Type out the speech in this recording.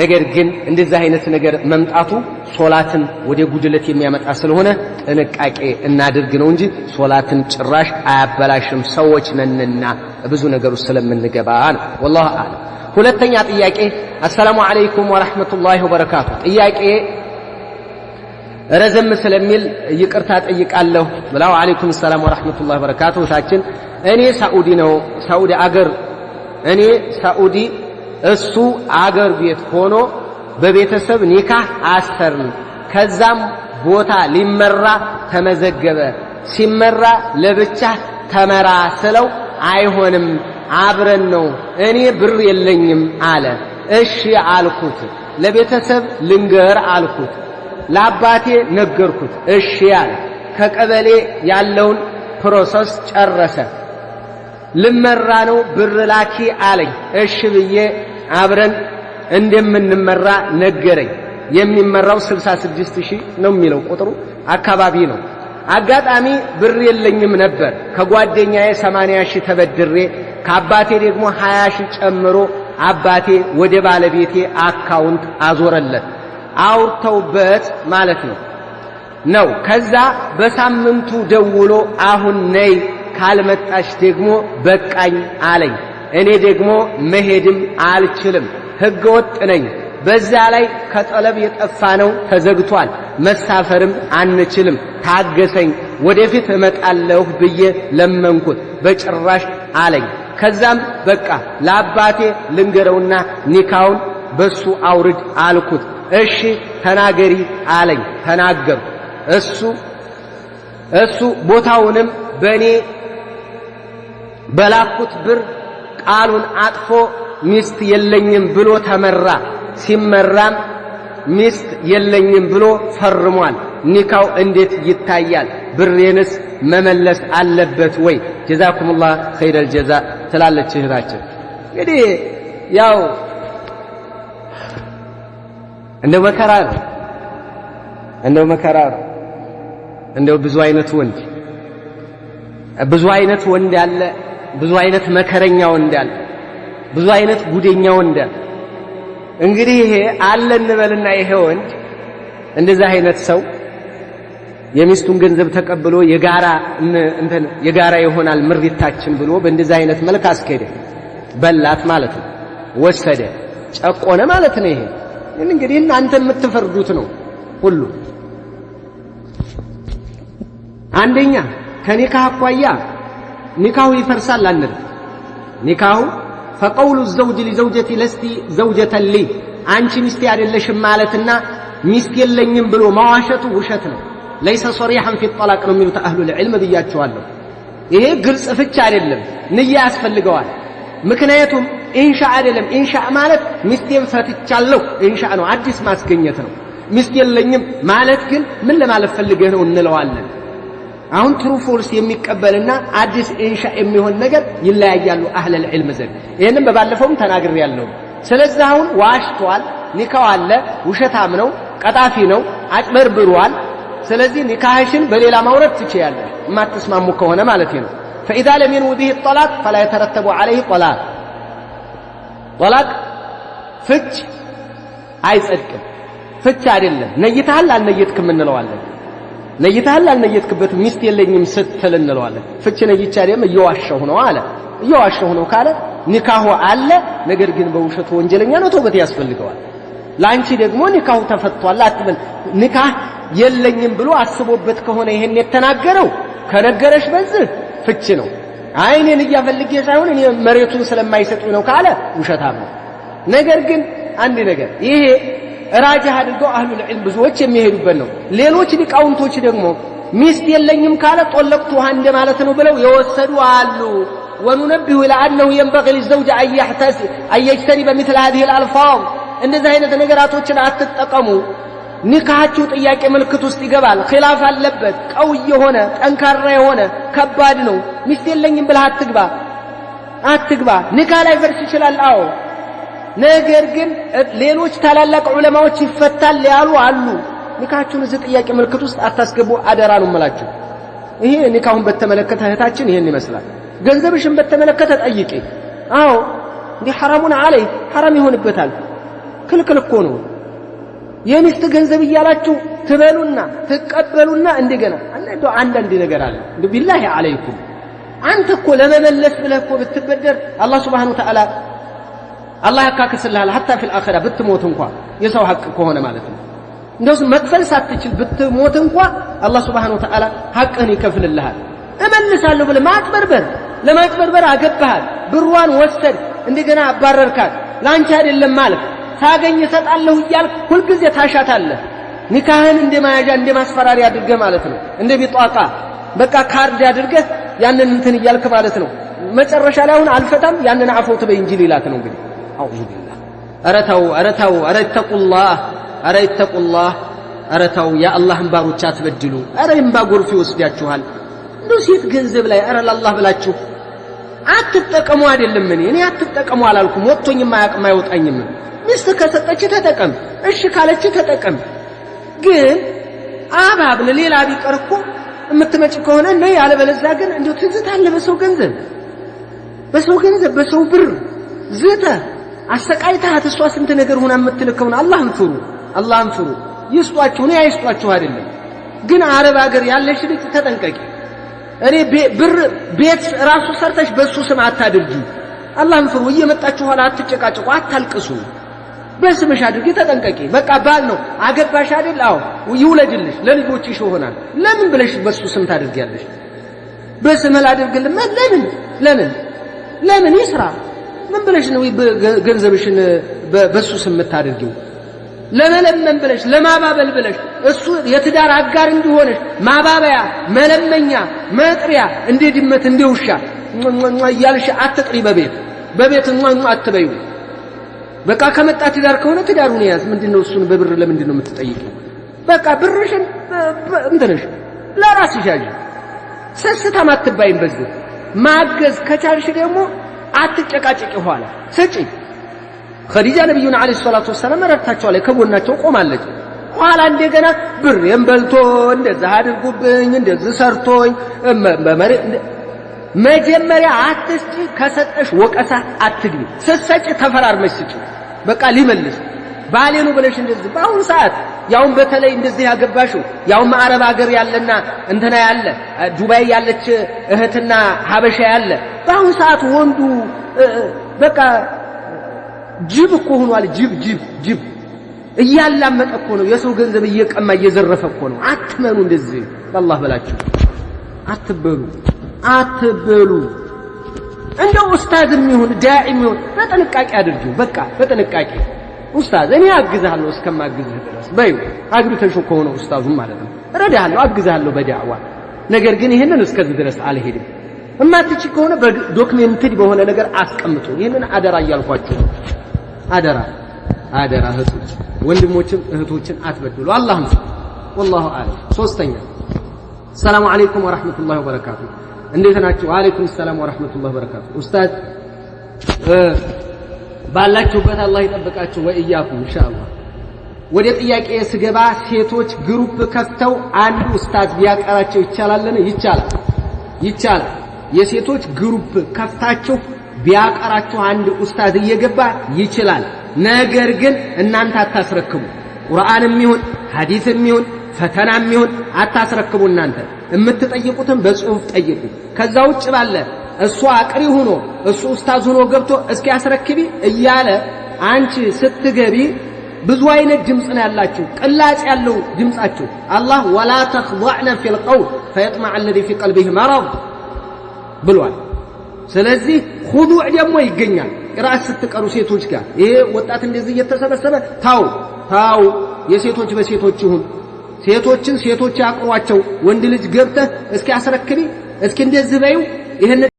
ነገር ግን እንደዚህ አይነት ነገር መምጣቱ ሶላትን ወደ ጉድለት የሚያመጣ ስለሆነ ጥንቃቄ እናድርግ ነው እንጂ ሶላትን ጭራሽ አያበላሽም። ሰዎች ነንና ብዙ ነገር ውስጥ ስለምንገባ ነው። ወላሁ አዕለም። ሁለተኛ ጥያቄ፣ አሰላሙ አለይኩም ወረሕመቱላሂ ወበረካቱ። ጥያቄ ረዘም ስለሚል ይቅርታ ጠይቃለሁ ብላው። አለይኩም ሰላም ወረሕመቱላሂ ወበረካቱ። እታችን እኔ ሳኡዲ ነው ሳኡዲ አገር እኔ ሳኡዲ እሱ አገር ቤት ሆኖ በቤተሰብ ኒካህ አሰርን። ከዛም ቦታ ሊመራ ተመዘገበ። ሲመራ ለብቻ ተመራ ስለው አይሆንም፣ አብረን ነው እኔ ብር የለኝም አለ። እሺ አልኩት። ለቤተሰብ ልንገር አልኩት። ለአባቴ ነገርኩት። እሺ አለ። ከቀበሌ ያለውን ፕሮሰስ ጨረሰ። ልመራ ነው ብር ላኪ አለኝ። እሺ ብዬ አብረን እንደምንመራ ነገረኝ። የሚመራው ስልሳ ሺህ ነው የሚለው ቁጥሩ አካባቢ ነው። አጋጣሚ ብር የለኝም ነበር። ከጓደኛዬ ሰማንያ ሺህ ተበድሬ ከአባቴ ደግሞ 20 ሺህ ጨምሮ አባቴ ወደ ባለቤቴ አካውንት አዞረለት። አውርተውበት ማለት ነው ነው። ከዛ በሳምንቱ ደውሎ አሁን ነይ ካልመጣሽ ደግሞ በቃኝ አለኝ። እኔ ደግሞ መሄድም አልችልም፣ ሕገ ወጥ ነኝ። በዛ ላይ ከጠለብ የጠፋ ነው ተዘግቷል። መሳፈርም አንችልም። ታገሰኝ፣ ወደፊት እመጣለሁ ብዬ ለመንኩት። በጭራሽ አለኝ። ከዛም በቃ ለአባቴ ልንገረውና ኒካውን በሱ አውርድ አልኩት። እሺ ተናገሪ አለኝ። ተናገሩ እሱ እሱ ቦታውንም በእኔ በላኩት ብር ቃሉን አጥፎ ሚስት የለኝም ብሎ ተመራ። ሲመራም ሚስት የለኝም ብሎ ፈርሟል። ኒካው እንዴት ይታያል? ብሬንስ መመለስ አለበት ወይ? ጀዛኩሙላህ ኸይረል ጀዛ ትላለች እህታችን። እንግዲህ ያው እንደው መከራ ነው፣ እንደው መከራ ነው። እንደው ብዙ አይነት ወንድ ብዙ አይነት ወንድ ያለ ብዙ አይነት መከረኛው እንዳለ፣ ብዙ አይነት ጉደኛው እንዳለ። እንግዲህ ይሄ አለ እንበልና ይሄ ወንድ እንደዚህ አይነት ሰው የሚስቱን ገንዘብ ተቀብሎ የጋራ እንትን የጋራ ይሆናል ምሪታችን ብሎ በእንደዚህ አይነት መልክ አስኬደ፣ በላት ማለት ነው፣ ወሰደ፣ ጨቆነ ማለት ነው። ይሄ እንግዲህ እናንተ የምትፈርዱት ነው ሁሉ አንደኛ ከኒካህ አኳያ نكاهو يفرسال لنر نكاهو فقول الزوج لزوجتي لستي زوجة لي عنشي مستيار اللي شمالتنا مستي اللي ينبلو مواشط وشتنا ليس صريحا في الطلاق من أهل العلم ذي يتشوالو إيه قرص أفتشار اللي نيا أسفل لقوال مكنايتهم إنشاء عدلم إنشاء مالك مستي فاتي تشالو إنشاء أنو عدس ماسكينيتنا مستي اللي مالك كل من اللي مالك فلقينه ونلو علم አሁን ትሩ ፎልስ የሚቀበልና አዲስ ኢንሻ የሚሆን ነገር ይለያያሉ። አህለል ዒልም ዘንድ ይህንም በባለፈውም ተናግር ያለው። ስለዚህ አሁን ዋሽቷል፣ ኒካው አለ፣ ውሸታም ነው፣ ቀጣፊ ነው፣ አጭበርብሯል። ስለዚህ ኒካህሽን በሌላ ማውረድ ትችያለሽ፣ የማትስማሙ ከሆነ ማለት ነው። ፈኢዛ ለም የንዊ ቢሂ ጦላቅ ፈላ የተረተቡ ዐለይህ ጦላቅ ጦላቅ ፍች አይጸድቅም፣ ፍች አይደለም። ነይተሃል አልነየትክም እንለዋለን። ለይተሃል አልነየትክበት ሚስት የለኝም ስትል እንለዋለን። ፍቺ ነይቼ አይደለም እየዋሸሁ ነው አለ። እየዋሸሁ ነው ካለ ኒካሁ አለ፣ ነገር ግን በውሸቱ ወንጀለኛ ነው፣ ተውበት ያስፈልገዋል። ለአንቺ ደግሞ ኒካሁ ተፈቷል አትበል። ኒካህ የለኝም ብሎ አስቦበት ከሆነ ይሄን የተናገረው ከነገረሽ በዚህ ፍቺ ነው። አይ እያፈልጌ ሳይሆን እኔ መሬቱን ስለማይሰጡኝ ነው ካለ ውሸታም ነው። ነገር ግን አንድ ነገር ይሄ ራጅህ አድርገው አህሉል ዒልም ብዙዎች የሚሄዱበት ነው። ሌሎች ሊቃውንቶች ደግሞ ሚስት የለኝም ካለ ጦለቅቱሃ እንደ ማለት ነው ብለው የወሰዱ አሉ። ወኑነቢሁ ለአነሁ የንበቂ ሊዘውጅ አየጅተኒ በሚስል ሀዚህ ልአልፋም እንደዚህ አይነት ነገራቶችን አትጠቀሙ። ኒካችሁ ጥያቄ ምልክት ውስጥ ይገባል። ኺላፍ አለበት። ቀውይ የሆነ ጠንካራ የሆነ ከባድ ነው። ሚስት የለኝም ብለህ አትግባ አትግባ። ኒካ ላይ ደርስ ይችላል። አዎ ነገር ግን ሌሎች ታላላቅ ዑለማዎች ይፈታል ያሉ አሉ። ኒካችሁን እዚህ ጥያቄ ምልክት ውስጥ አታስገቡ፣ አደራ ነው እምላችሁ ይሄ ኒካሁን በተመለከተ እህታችን ይሄን ይመስላል። ገንዘብሽን በተመለከተ ጠይቂ። አዎ እንዲህ ሐራሙን አለይ ሐራም ይሆንበታል፣ ክልክል እኮ ነው። የሚስት ገንዘብ እያላችሁ ትበሉና ትቀበሉና እንደገና እንደው አንዳንድ ነገር አለ እንደው ቢላሂ አለይኩም አንተ እኮ ለመመለስ ብለህ እኮ ብትበደር አላህ ሱብሓነሁ ወተዓላ አላህ ያካክስልሃል። ሀታ ፊል አኸራ ብትሞት እንኳ የሰው ሀቅ ከሆነ ማለት ነው። እንደውስ መክፈል ሳትችል ብትሞት እንኳ አላህ ሱብሓነሁ ወተዓላ ሀቅህን ይከፍልልሃል። እመልሳለሁ ብለህ ማጭበርበር ለማጭበርበር አገባሃል፣ ብሯን ወሰድ፣ እንደገና አባረርካት። ለአንቺ አይደለም ማለት ሳገኝ እሰጣለሁ እያልክ ሁልጊዜ ታሻታለህ። ኒካህን እንደ መያዣ እንደ ማስፈራሪያ አድርገህ ማለት ነው። እንደ ቢጧቃ በቃ ካርድ አድርገህ ያንን እንትን እያልክ ማለት ነው። መጨረሻ ላይ አሁን አልፈታም ያንን አፈውት በይ እንጂ ነው እንግዲህ አዑዙ ቢላህ። ኧረ ተው፣ ኧረ ተው፣ ኧረ ይተቁላህ፣ ኧረ ይተቁላህ፣ ኧረ ተው፣ የአላህን ባሮች አትበድሉ፣ ኧረ እምባ ጎርፍ ይወስዳችኋል። እንዶ ሴት ገንዘብ ላይ ኧረ ለአላህ ብላችሁ አትጠቀሙ። አይደለም እኔ እኔ አትጠቀሙ አላልኩም። ወጥቶኝም አያውቅም አይወጣኝም። ሚስት ከሰጠች ተጠቀም፣ እሺ ካለች ተጠቀም። ግን አባብል ሌላ ቢቀር እኮ የምትመጪ ከሆነ ነይ፣ አለበለዚያ ግን እንዲሁ ትዝታለህ። በሰው ገንዘብ በሰው ገንዘብ በሰው ብር ዝተህ አሰቃይታት እሷ ስንት ነገር ሆና የምትልከውን አላህን ፍሩ፣ አላህን ፍሩ። ይስጧችሁ ነው አይስጧችሁ አይደለም። ግን አረብ ሀገር ያለሽ ልጅ ተጠንቀቂ። እኔ ብር ቤት ራሱ ሰርተሽ በሱ ስም አታድርጊ። አላህን ፍሩ። እየመጣችሁ ኋላ አትጨቃጨቁ፣ አታልቅሱ። በስምሽ አድርጊ፣ ተጠንቀቂ። በቃ ባል ነው አገባሽ አይደል? አዎ ይውለድልሽ፣ ለልጆችሽ ይሆናል። ለምን ብለሽ በሱ ስም ታድርጊያለሽ? በስምህ ላድርግልህ። ለምን ለምን ለምን ይስራ ምን ብለሽ ነው ገንዘብሽን በሱ ስም የምታደርጊው? ለመለመን ብለሽ ለማባበል ብለሽ እሱ የትዳር አጋር እንዲሆነሽ ማባበያ፣ መለመኛ፣ መጥሪያ እንደ ድመት እንደ ውሻ እያልሽ አትጥሪ። በቤት በቤት አትበዩ። በቃ ከመጣ ትዳር ከሆነ ትዳሩን ያዝ። ምንድን ነው እሱን በብር ለምንድን ነው የምትጠይቂው? በቃ ብርሽን እንትነሽ ለራስሽ ያዥ። ስስታም አትባይም። በዚህ ማገዝ ከቻልሽ ደግሞ አትጨቃጭቅ ኋላ ስጪ። ኸዲጃ ነቢዩን ዓለይሂ ሰላቱ ወሰላም ረድታቸዋለች፣ ከጎናቸው ቆማለች። ኋላ እንደገና ብሬም በልቶ እንደዚህ አድርጉብኝ እንደዚህ ሰርቶኝ መመሪ መጀመሪያ አትስጪ። ከሰጠሽ ወቀሳ አትግቢ። ስትሰጪ ተፈራርመሽ ስጪ። በቃ ሊመልስ ባሌ ነው ብለሽ እንደዚህ በአሁኑ ሰዓት ያውን በተለይ እንደዚህ ያገባሽው ያውም አረብ ሀገር ያለና እንትና ያለ ዱባይ ያለች እህትና ሀበሻ ያለ በአሁን ሰዓት ወንዱ በቃ ጅብ እኮ ሆኗል። ጅብ ጅብ ጅብ እያላመጠ እኮ ነው። የሰው ገንዘብ እየቀማ እየዘረፈ እኮ ነው። አትመኑ፣ እንደዚህ በአላህ በላችሁ አትበሉ፣ አትበሉ። እንደው ኡስታዝ የሚሆን ዳዒ የሚሆን በጥንቃቄ አድርጊ። በቃ በጥንቃቄ ኡስታዝ እኔ አግዛለሁ እስከማግዝህ ድረስ በይ። አግዱተሽ ከሆነ ኡስታዙም ማለት ነው እረዳሃለሁ፣ አግዛለሁ በዳዕዋ ነገር ግን ይህንን እስከዚህ ድረስ አልሄድም። እማትችል ከሆነ ዶክሜንትድ በሆነ ነገር አስቀምጡ። ይህንን አደራ እያልኳችሁ ነው። አደራ አደራ፣ እህቶች ወንድሞችን እህቶችን አትበድሉ። አላህም ወላሁ አለም። ሶስተኛ ሰላሙ አለይኩም ወራህመቱላሂ ወበረካቱ። እንዴት ናችሁ? ወአለይኩም ሰላም ወራህመቱላሂ ወበረካቱ። ኡስታዝ ባላችሁበት አላህ ይጠብቃችሁ። ወእያኩም ኢንሻአላህ። ወደ ጥያቄ ስገባ ሴቶች ግሩፕ ከፍተው አንዱ ኡስታዝ ቢያቀራቸው ይቻላልን? ይቻላል፣ ይቻላል የሴቶች ግሩፕ ከፍታችሁ ቢያቀራችሁ አንድ ኡስታዝ እየገባ ይችላል። ነገር ግን እናንተ አታስረክቡ። ቁርአንም ይሁን ሐዲስም ይሁን ፈተናም ይሁን አታስረክቡ። እናንተ የምትጠይቁትም በጽሑፍ ጠይቁ። ከዛ ውጭ ባለ እሱ አቅሪ ሆኖ እሱ ኡስታዝ ሆኖ ገብቶ እስኪ አስረክቢ እያለ አንቺ ስትገቢ ብዙ አይነት ድምፅ ነው ያላችሁ፣ ቅላጽ ያለው ድምፃችሁ። አላህ ወላ ተኽضዕነ ፊል ቀውል ፈየጥመዐ አለዚ ፊ ቀልቢህ መረድ ብሏል። ስለዚህ ሁዱዕ ደግሞ ይገኛል። ራስ ስትቀሩ ሴቶች ጋር ይሄ ወጣት እንደዚህ እየተሰበሰበ ታው ታው የሴቶች በሴቶች ይሁን ሴቶችን ሴቶች ያቅሯቸው ወንድ ልጅ ገብተህ እስኪ አስረክቢ እስኪ እንደዚህ በይው ይህን